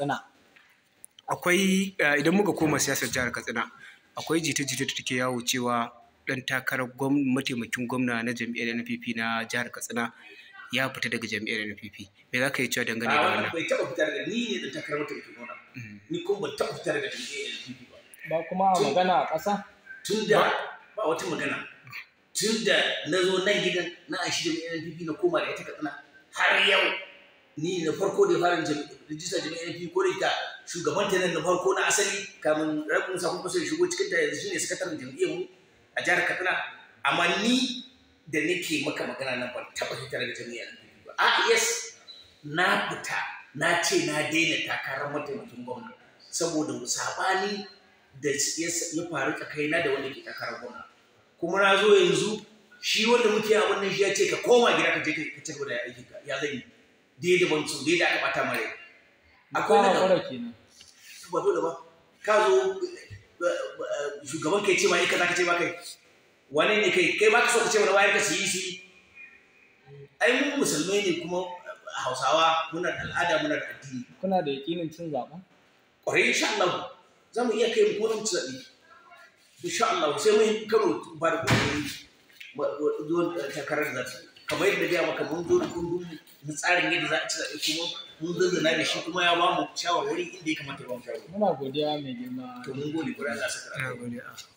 katsina akwai eh, idan muka koma siyasar jihar katsina akwai jita-jita da take yawo cewa dan takarar mataimakin gwamna na jam'iyyar npp na jihar katsina ya fita daga jam'iyyar npp me za ka yi cewa dangane da wannan bai taɓa fitar da ni ne dan takarar mataimakin gwamna mm. ni kuma ban taɓa fitar da jam'iyyar npp ba ba kuma magana a ƙasa tun da ba wata magana tun da na zo nan gidan na aishi jam'iyyar npp na koma da ita katsina har yau ni na farko da fara jam'iyyar rijista jami'ar fi ko da ita shugaban ta na farko na asali kamun rabin sa kuma sai shigo cikin ta yanzu shine sakataren jam'iyyar mu a jihar Katsina amma ni da nake maka magana nan ban taba fita daga jami'ar ba a ah, yes na fita na ce na daina takarar mataimakin gwamna saboda musabani da ya faru tsakaina da wanda ke takarar gwamna kuma na zo yanzu shi wanda muke a wannan shi ya ce ka koma gida ka je ka ci gaba da aikinka ya zan yi daidai ban dai daidai aka bata mare akwai na da ba dole ba ka zo shugaban kai ce ma ka za ka ce ma kai wane ne kai kai ba ka so ka ce wani wayar ka siyi siyi ai mu musulmai ne kuma hausawa muna da al'ada muna da addini kuna da yakinin cin zaɓen ƙwarai insha Allah za mu iya kai mu kowane ci zaɓe insha Allah sai mun karo ba da kuɗi takarar da kamar yadda gaya maka mun zo da kundin mu tsarin yadda za a ci zaɓe kuma mun zazzana da shi kuma ya bamu mu shawarwari inda ya kamata ba mu shawarwari. Muna godiya mai girma. To mun gode, godiya za su